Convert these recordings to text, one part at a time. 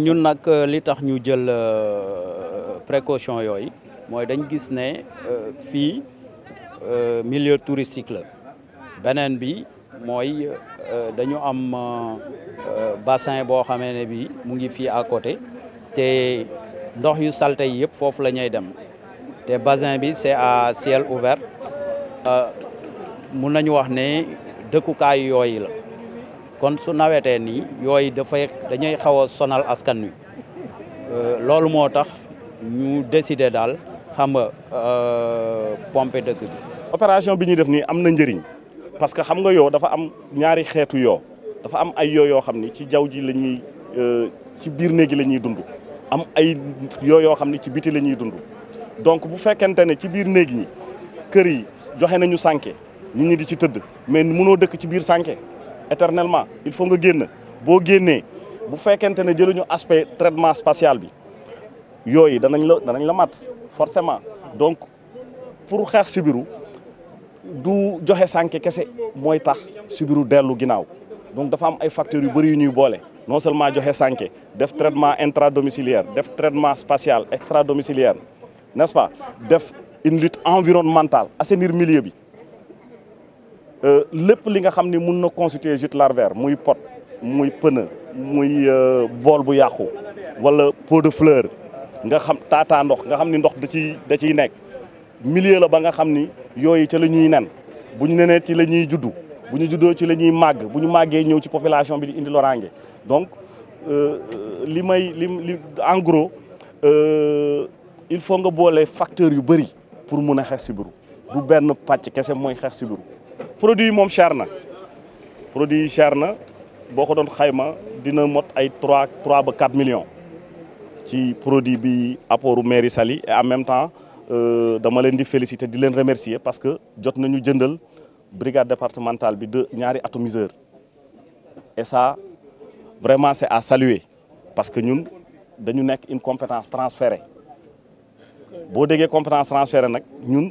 ñun nag euh, li tax ñu jël euh, précaution yooyu mooy dañ gis ne euh, fii milieu touristique la beneen bi mooy dañu am bassin boo xamee ne bi mu ngi fii à côté te ndox yu salte yi yëpp foofu la ñuy dem te bassin bi c'est à ciel ouvert mun nañu wax ne dëkkukaay yooyu la kon su nawetee nii yooyu dafay dañuy xaw a sonal askan wi euh, loolu moo tax ñu décider dal xam euh pompe dëkk bi. opération bi ñi def ni am ndëriñ parce que xam nga yo dafa am ñaari xéetu yo dafa am ay yo yo xamni ni ci jawji lañuy euh ci biir neegi lañuy dund am ay yo yo xamni ni ci biti lañuy dund donc bu fekkante ne ci biir neegi ni kër yi joxé nañu sanké nit ñi di ci teud mais mëno dëkk ci biir sanké éternellement il faut nga génn boo Vous bu fekkente ne jëluñu aspect traitement spatial bi allez danañ la la forcément donc pour xeex sibiru du joxe sànke kese mooy tax sibiru dellu ginnaaw donc dafa am ay facteurs yu bëri yu ñuy non seulement joxe sànke def traitement intradomiciliaire def traitement spatial extradomiciliaire n'est-ce pas def une lutte environnementale assainir milieu bi euh, lepp li nga xamni mën na constituer jute larvaire muy pot muy pneu muy euh, bol bu yàqu wala pot de fleur nga xam tata ndox nga xam ni ndox da ci da ci nek milieu la ba nga xam ni yooyu ca la nen buñu ñu ci lañuy juddu buñu juddo ci lañuy mag buñu bu ñew ci population bi indi loraange donc euh, euh limay lim en gros euh il faut nga bolé facteur yu bari pour mëna a xeex sibiru du patch pàcc moy mooy xeex sibiru produit mom moom produit yi cher na xayma dina mot ay trois trois ba quatre millions ci produit bi apportu mairie sali et en même temps euh, dama len di féliciter di remercier parce que jot nañu la brigade départementale bi de ñaari atomiseur et ça vraiment c'est à saluer parce que nous avons une compétence transférée bo une compétence transférée nous ñun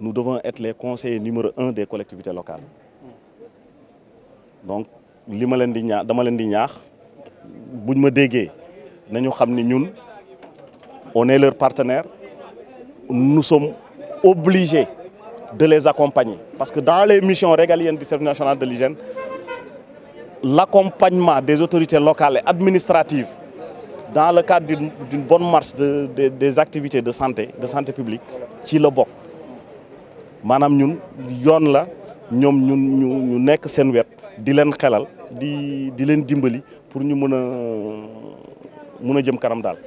nous devons être les conseillers numéro un des collectivités locales. donc ce que on est leur partenaires, nous sommes obligés de les accompagner parce que dans les missions régaliennes du service national de l'hygiène l'accompagnement des autorités locales et administratives dans le cadre d'une bonne marche des activités de santé, de santé publique, qui le bon, maanaam ñun yoon la ñoom ñun ñu ñu nekk seen wet di leen xelal di di leen dimbali pour ñu mën a mën a jëm kanam daal.